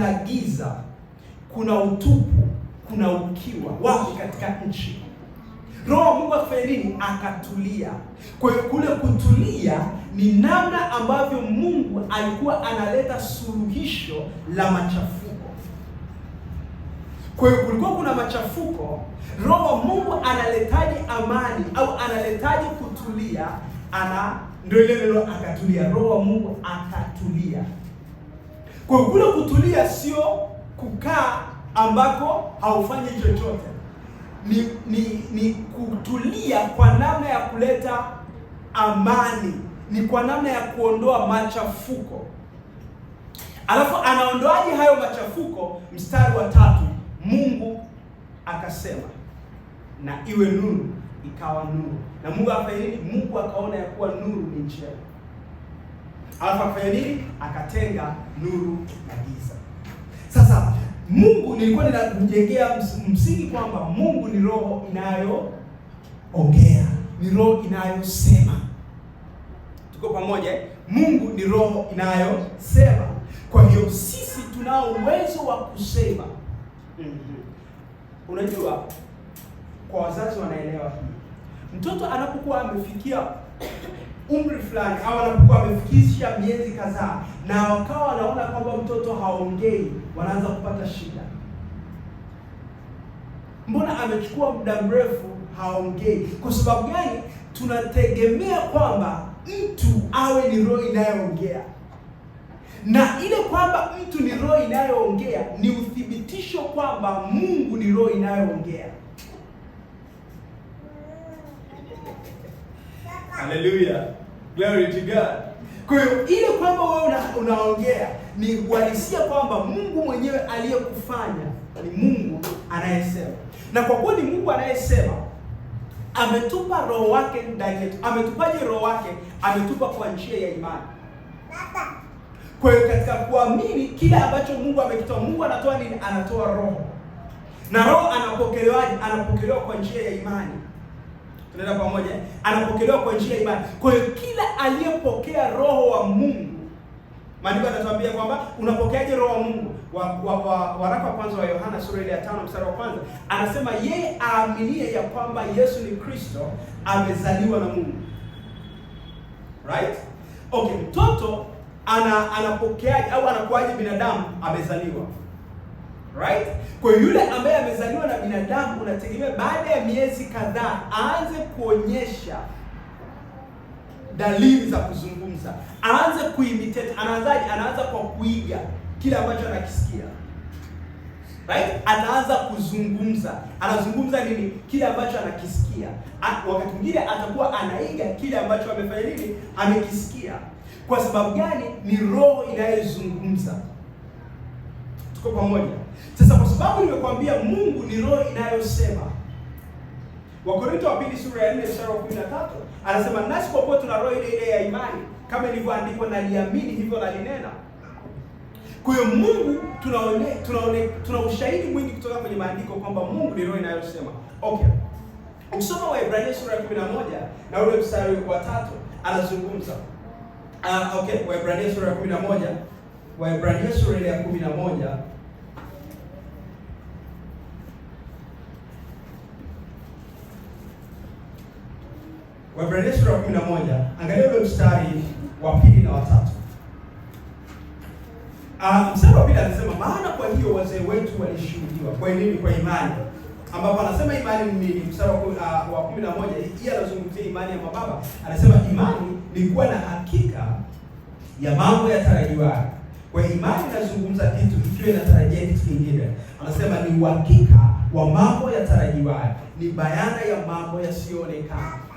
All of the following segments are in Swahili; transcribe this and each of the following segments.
Kuna giza, kuna utupu, kuna ukiwa wapi katika nchi. Roho wa Mungu akafanya nini? Akatulia. Kwa hiyo kule kutulia ni namna ambavyo Mungu alikuwa analeta suluhisho la machafuko. Kwa hiyo kulikuwa kuna machafuko, Roho Mungu analetaje amani au analetaje kutulia? Ana ndio ile neno akatulia. Roho wa Mungu akatulia. Kwa kule kutulia sio kukaa ambako haufanyi chochote, ni, ni ni kutulia kwa namna ya kuleta amani, ni kwa namna ya kuondoa machafuko. Alafu anaondoaje hayo machafuko? Mstari wa tatu, Mungu akasema na iwe nuru, ikawa nuru. Na Mungu afanye nini? Mungu akaona ya kuwa nuru ni njema alafu akafanya nini? Akatenga nuru na giza. Sasa Mungu nilikuwa ninakujengea msingi kwamba Mungu ni roho inayoongea, ni roho inayosema. Tuko pamoja? Mungu ni roho inayosema. Kwa hiyo sisi tunao uwezo wa kusema. Mm-hmm. Unajua, kwa wazazi wanaelewa hii. Mtoto anapokuwa amefikia umri fulani au anapokuwa amefikisha miezi kadhaa, na wakawa wanaona kwamba mtoto haongei, wanaanza kupata shida. Mbona amechukua muda mrefu haongei? Kwa sababu gani? Tunategemea kwamba mtu awe ni roho inayoongea, na ile kwamba mtu ni roho inayoongea ni uthibitisho kwamba Mungu ni roho inayoongea. Haleluya! Glory to God. Kwa hiyo ile kwamba wewe una, unaongea ni uhalisia kwamba Mungu mwenyewe aliyekufanya ni Mungu anayesema, na kwa kuwa ni Mungu anayesema ametupa roho wake ndani yetu. Ametupaje roho wake? Ametupa kwa njia ya imani. Kwa hiyo katika kuamini kile ambacho Mungu amekitoa, Mungu anatoa nini? Anatoa roho, na roho anapokelewaje? Anapokelewa kwa njia ya imani tunaenda pamoja, anapokelewa kwa njia ya imani. Kwa hiyo kila aliyepokea roho wa Mungu, maandiko yanatuambia kwamba unapokeaje roho wa Mungu? Waraka wa, wa, waraka wa kwanza wa Yohana sura ile ya 5 mstari wa kwanza anasema yeye aaminie ya kwamba Yesu ni Kristo amezaliwa na Mungu, right? Okay, mtoto ana- anapokeaje au anakuwaje binadamu amezaliwa right? Kwa yule ambaye amezaliwa na binadamu, unategemea baada ya miezi kadhaa aanze kuonyesha dalili za kuzungumza, aanze kuimitate. Anaanzaje? Anaanza kwa kuiga kile ambacho anakisikia right? Anaanza kuzungumza, anazungumza nini? Kile ambacho anakisikia. Wakati mwingine atakuwa anaiga kile ambacho amefanya nini, amekisikia. Kwa sababu gani? Ni roho inayozungumza. Tuko pamoja? Sasa kwa sababu nimekwambia Mungu ni roho inayosema, Wakorintho wa pili sura ya 4 mstari wa 13 anasema nasi kwa kuwa tuna roho ile ile ya imani, kama ilivyoandikwa, naliamini hivyo nalinena. Kwa hiyo Mungu tunaone, tunaone, tuna ushahidi mwingi kutoka kwenye maandiko kwamba Mungu ni roho inayosema. Okay, ukisoma Waebrania sura ya 11 na ule mstari wa 3 anazungumza Ah uh, okay, Waebrania sura ya 11, Waebrania sura ile ya 11 Waebrania sura na 11, angalia ule mstari wa pili na watatu. Uh, ah, mstari wa pili anasema maana kwa hiyo wazee wetu walishuhudiwa kwa nini? Kwa imani, ambapo anasema imani ni nini? Mstari uh, wa kumi na moja hii anazungumzia imani ya mababa, anasema imani ni kuwa na hakika ya mambo yatarajiwayo. Kwa imani inazungumza kitu ikiwa inatarajia kitu kingine, anasema ni uhakika wa mambo yatarajiwayo, ni bayana ya mambo yasiyoonekana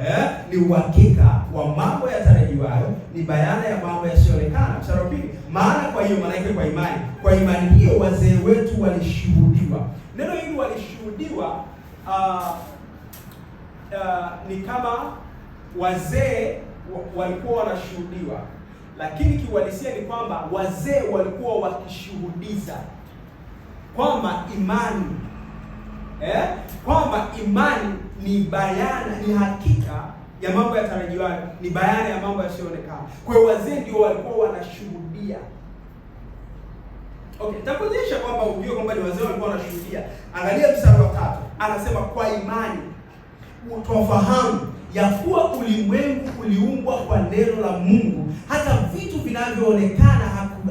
eh, ni uhakika wa mambo yatarajiwayo, ni bayana ya mambo yasiyoonekana. Mstari wa pili, maana kwa hiyo, maana yake kwa imani, kwa imani hiyo wazee wetu walishuhudiwa. Neno hili walishuhudiwa, uh, uh, ni kama wazee walikuwa wanashuhudiwa, lakini kiuhalisia ni kwamba wazee walikuwa wakishuhudiza kwamba imani eh, kwamba imani ni bayana, ni hakika ya mambo yatarajiwayo, ni bayana ya mambo yasiyoonekana. Kwa hiyo wazee ndio walikuwa wanashuhudia. Okay, takuonyesha kwamba ujue kwamba ni wazee walikuwa wanashuhudia. Angalia mstari wa tatu, anasema kwa imani twafahamu ya kuwa ulimwengu uliumbwa kwa neno la Mungu, hata vitu vinavyoonekana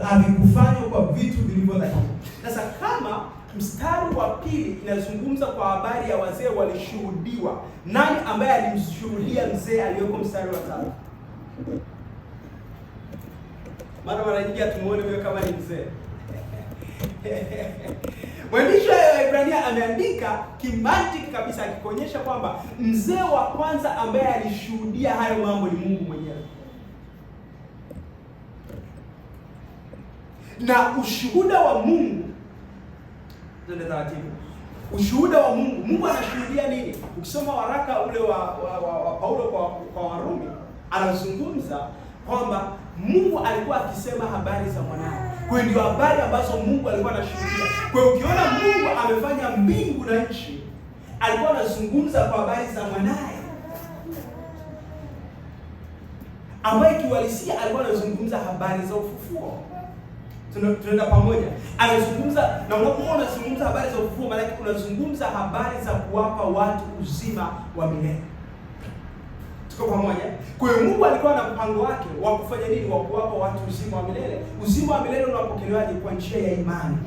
havikufanywa kwa vitu vilivyodhahiri. Sasa kama mstari wa pili inazungumza kwa habari ya wazee walishuhudiwa. Nani ambaye alimshuhudia mzee aliyoko mstari wa tatu? Mara mara nyingi hatumuone huyo kama ni mzee mwandishi wa Ibrania ameandika kimantiki kabisa, akikuonyesha kwamba mzee wa kwanza ambaye alishuhudia hayo mambo ni Mungu mwenyewe, na ushuhuda wa Mungu Twende taratibu. Ushuhuda wa Mungu, Mungu anashuhudia nini? Ukisoma waraka ule wa, wa, wa, wa Paulo kwa, kwa Warumi anazungumza kwamba Mungu alikuwa akisema habari za mwanawe. Kwa hiyo ndio habari ambazo Mungu alikuwa anashuhudia. Kwa hiyo ukiona Mungu amefanya mbingu na nchi, alikuwa anazungumza kwa habari za mwanaye ambaye kiuhalisia alikuwa anazungumza habari za ufufuo tunaenda pamoja. Anazungumza na unapokuwa unazungumza habari za ufufuo, maana yake unazungumza habari za kuwapa watu uzima wa milele. Tuko pamoja. Kwa hiyo Mungu alikuwa na mpango wake wa kufanya nini? Wa kuwapa watu uzima wa milele. Uzima wa milele unapokelewaje? Kwa njia ya imani.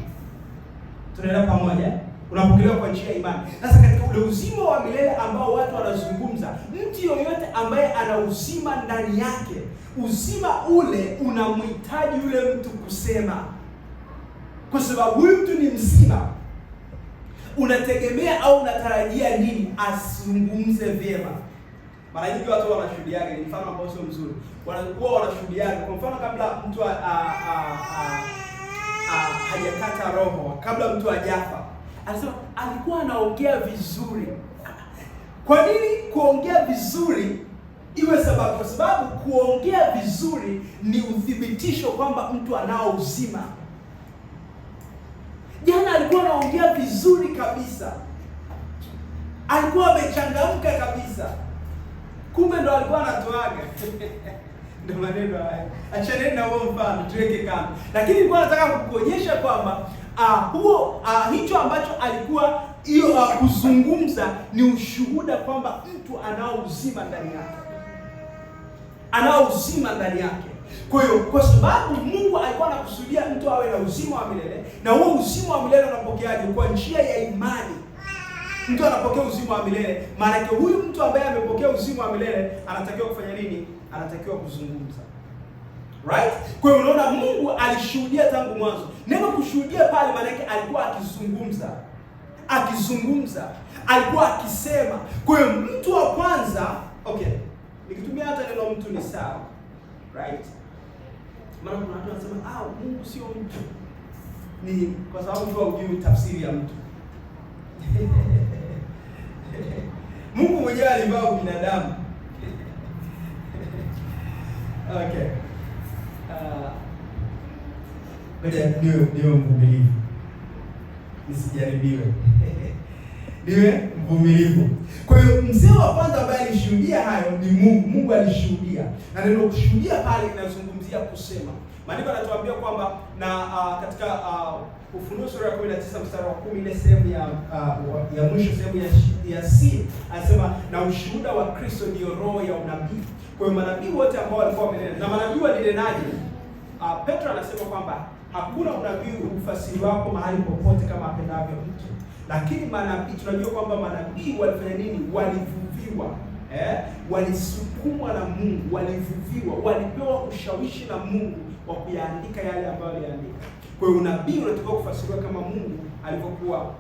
Tunaenda pamoja. Unapokelewa kwa njia ya imani. Sasa katika ule uzima wa milele ambao watu wanazungumza, mtu yoyote ambaye ana uzima ndani yake uzima ule unamhitaji yule mtu kusema, kwa sababu huyu mtu ni mzima. Unategemea au unatarajia nini azungumze vyema? Mara nyingi watu wanashuhudiaga, ni mfano ambao sio mzuri, wanakuwa wanashuhudiaga. Kwa mfano, kabla mtu hajakata roho, kabla mtu ajafa, anasema alikuwa anaongea vizuri. Kwa nini kuongea vizuri iwe sababu, kwa sababu kuongea vizuri ni uthibitisho kwamba mtu anao uzima. Jana alikuwa anaongea vizuri kabisa, alikuwa amechangamka kabisa, kumbe ndo alikuwa anatoaga ndo maneno haya. Achaneni na huo mfano, tuweke kando, lakini nilikuwa nataka kukuonyesha kwamba Uh, huo uh, hicho ambacho alikuwa hiyo uh, kuzungumza ni ushuhuda kwamba mtu anao uzima ndani yake anao uzima ndani yake. Kwa hiyo kwa sababu Mungu alikuwa anakusudia mtu awe na uzima wa milele, na huo uzima wa milele unapokeaje? Kwa njia ya imani mtu anapokea uzima wa milele. Maana yake huyu mtu ambaye amepokea uzima wa milele anatakiwa kufanya nini? Anatakiwa kuzungumza, right? Kwa hiyo unaona, Mungu alishuhudia tangu mwanzo. Neno kushuhudia pale, maana yake alikuwa akizungumza, akizungumza, alikuwa akisema. Kwa hiyo mtu wa kwanza okay Nikitumia hata neno mtu ni sawa, right? Maana kuna watu wanasema ah, Mungu sio mtu, ni kwa sababu mtu haujui tafsiri ya mtu Mungu mwenyewe alivaa binadamu okay. Ngoja niwe mvumilivu nisijaribiwe. niwe mvumilivu. Kwa hiyo mzee wa kwanza ambaye alishuhudia hayo ni Mungu. Mungu alishuhudia, na neno kushuhudia pale inazungumzia kusema. Maandiko yanatuambia kwamba na uh, katika uh, Ufunuo sura ya 19 mstari wa 10 ile sehemu ya uh, ya mwisho sehemu ya, ya si anasema na ushuhuda wa Kristo ndio roho ya unabii. Kwa hiyo manabii wote ambao walikuwa wamenena na manabii walinenaje? Uh, Petro anasema kwamba hakuna unabii ufasiri wako mahali popote kama apendavyo mtu lakini manabii tunajua kwamba manabii walifanya nini? Walivuviwa eh? Walisukumwa na Mungu, walivuviwa, walipewa ushawishi na Mungu wa kuyaandika yale ambayo aliandika. Kwa hiyo unabii unatakiwa kufasiriwa kama Mungu alivyokuwa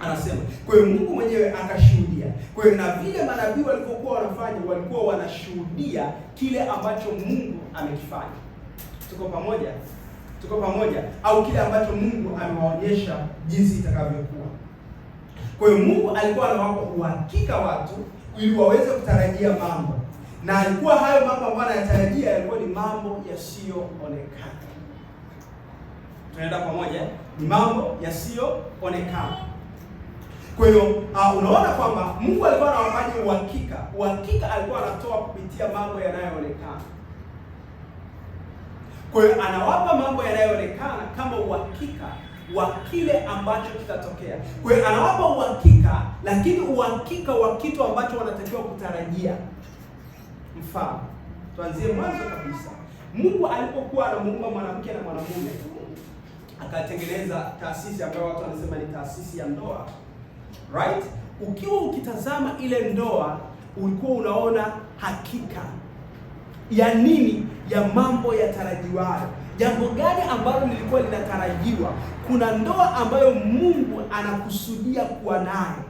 anasema. Kwa hiyo Mungu mwenyewe akashuhudia. Kwa hiyo na vile manabii walivyokuwa wanafanya, walikuwa wanashuhudia kile ambacho Mungu amekifanya. Tuko pamoja? Tuko pamoja? Au kile ambacho Mungu amewaonyesha jinsi itakavyokuwa. Kwa hiyo Mungu alikuwa anawapa uhakika watu ili waweze kutarajia mambo, na alikuwa hayo mambo ambayo anayatarajia yalikuwa ni mambo yasiyoonekana. Tunaenda pamoja, ni mambo yasiyoonekana. Kwa hiyo uh, unaona kwamba Mungu alikuwa anawafanya uhakika, uhakika alikuwa anatoa kupitia mambo yanayoonekana. Kwa hiyo anawapa mambo yanayoonekana kama uhakika wa kile ambacho kitatokea. Kwa hiyo anawapa uhakika, lakini uhakika wa kitu ambacho wanatakiwa kutarajia. Mfano, tuanzie mwanzo kabisa. Mungu alipokuwa anamuumba mwanamke na mwanamume, akatengeneza taasisi ambayo watu wanasema ni taasisi ya ndoa, right? Ukiwa ukitazama ile ndoa, ulikuwa unaona hakika ya nini, ya mambo yatarajiwayo Jambo gani ambalo lilikuwa linatarajiwa? Kuna ndoa ambayo Mungu anakusudia kuwa nayo,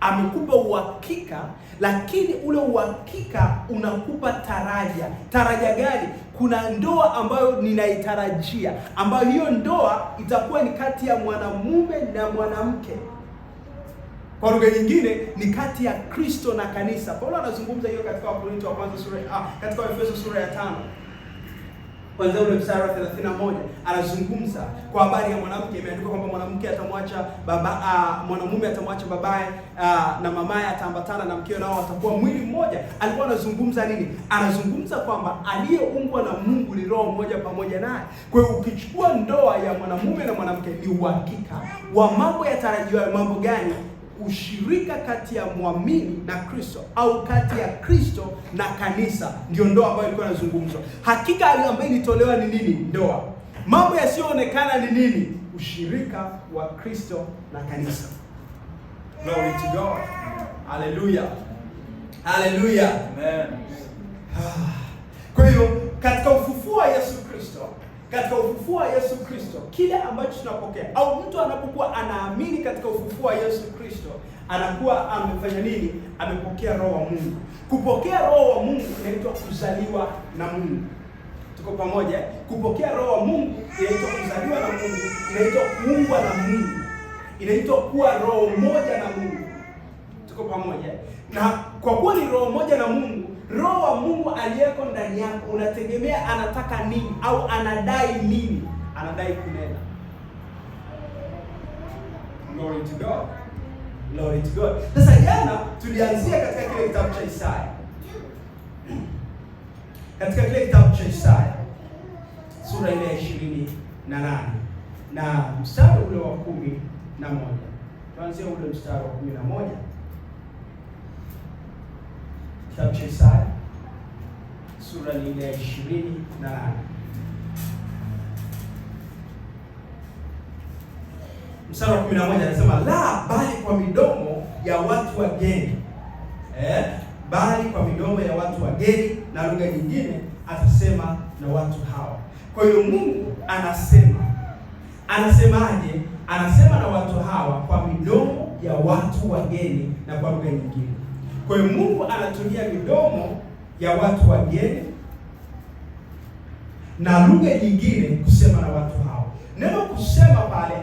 amekupa uhakika, lakini ule uhakika unakupa taraja. Taraja gani? Kuna ndoa ambayo ninaitarajia, ambayo hiyo ndoa itakuwa ni kati ya mwanamume na mwanamke kwa lugha nyingine ni kati ya Kristo na kanisa. Paulo anazungumza hiyo katika Wakorintho wa kwanza sura ah, katika Waefeso sura ya tano. Kwanza ule mstari wa 31 anazungumza kwa habari ya mwanamke. Imeandikwa kwamba mwanamke atamwacha baba, uh, mwanamume atamwacha babaye, uh, na mamaye ataambatana na mkeo, nao watakuwa mwili mmoja. Alikuwa anazungumza nini? Anazungumza kwamba aliyeumbwa na Mungu ni roho moja pamoja naye. Kwa hiyo ukichukua ndoa ya mwanamume na mwanamke, ni uhakika wa mambo yatarajiwayo. Mambo gani? ushirika kati ya mwamini na Kristo au kati ya Kristo na kanisa, ndio ndoa ambayo ilikuwa inazungumzwa. Hakika ambayo ilitolewa ni nini? Ndoa. Mambo yasiyoonekana ni nini? Ushirika wa Kristo na kanisa. Glory to God. Hallelujah. Hallelujah. Amen. Ah. Kwa hiyo katika ufufuo wa Yesu Kristo katika ufufuo wa Yesu Kristo, kile ambacho tunapokea au mtu anapokuwa anaamini katika ufufuo wa Yesu Kristo, anakuwa amefanya nini? Amepokea roho wa Mungu. Kupokea roho wa Mungu inaitwa kuzaliwa na Mungu. Tuko pamoja? Kupokea roho wa Mungu inaitwa kuzaliwa na Mungu, inaitwa kuungwa na Mungu, inaitwa kuwa roho moja na Mungu. Tuko pamoja? Na kwa kuwa ni roho moja na Mungu Roho wa Mungu aliyeko ndani yako unategemea anataka nini au anadai nini? Anadai kunena. Glory to God. Glory to God. Sasa jana tulianzia katika kile kitabu cha Isaya, katika kile kitabu cha Isaya sura ile ya ishirini na nane na mstari ule wa kumi na moja tuanzie ule mstari wa kumi na moja kitabu cha Isaya sura ni ile ya ishirini na nane. Mstari wa kumi na moja anasema la, bali kwa midomo ya watu wageni eh, bali kwa midomo ya watu wageni na lugha nyingine atasema na watu hawa. Kwa hiyo Mungu anasema, anasemaje? Anasema na watu hawa kwa midomo ya watu wageni na kwa lugha nyingine. Kwa hiyo Mungu anatumia midomo ya watu wageni na lugha nyingine kusema na watu hao. Neno kusema pale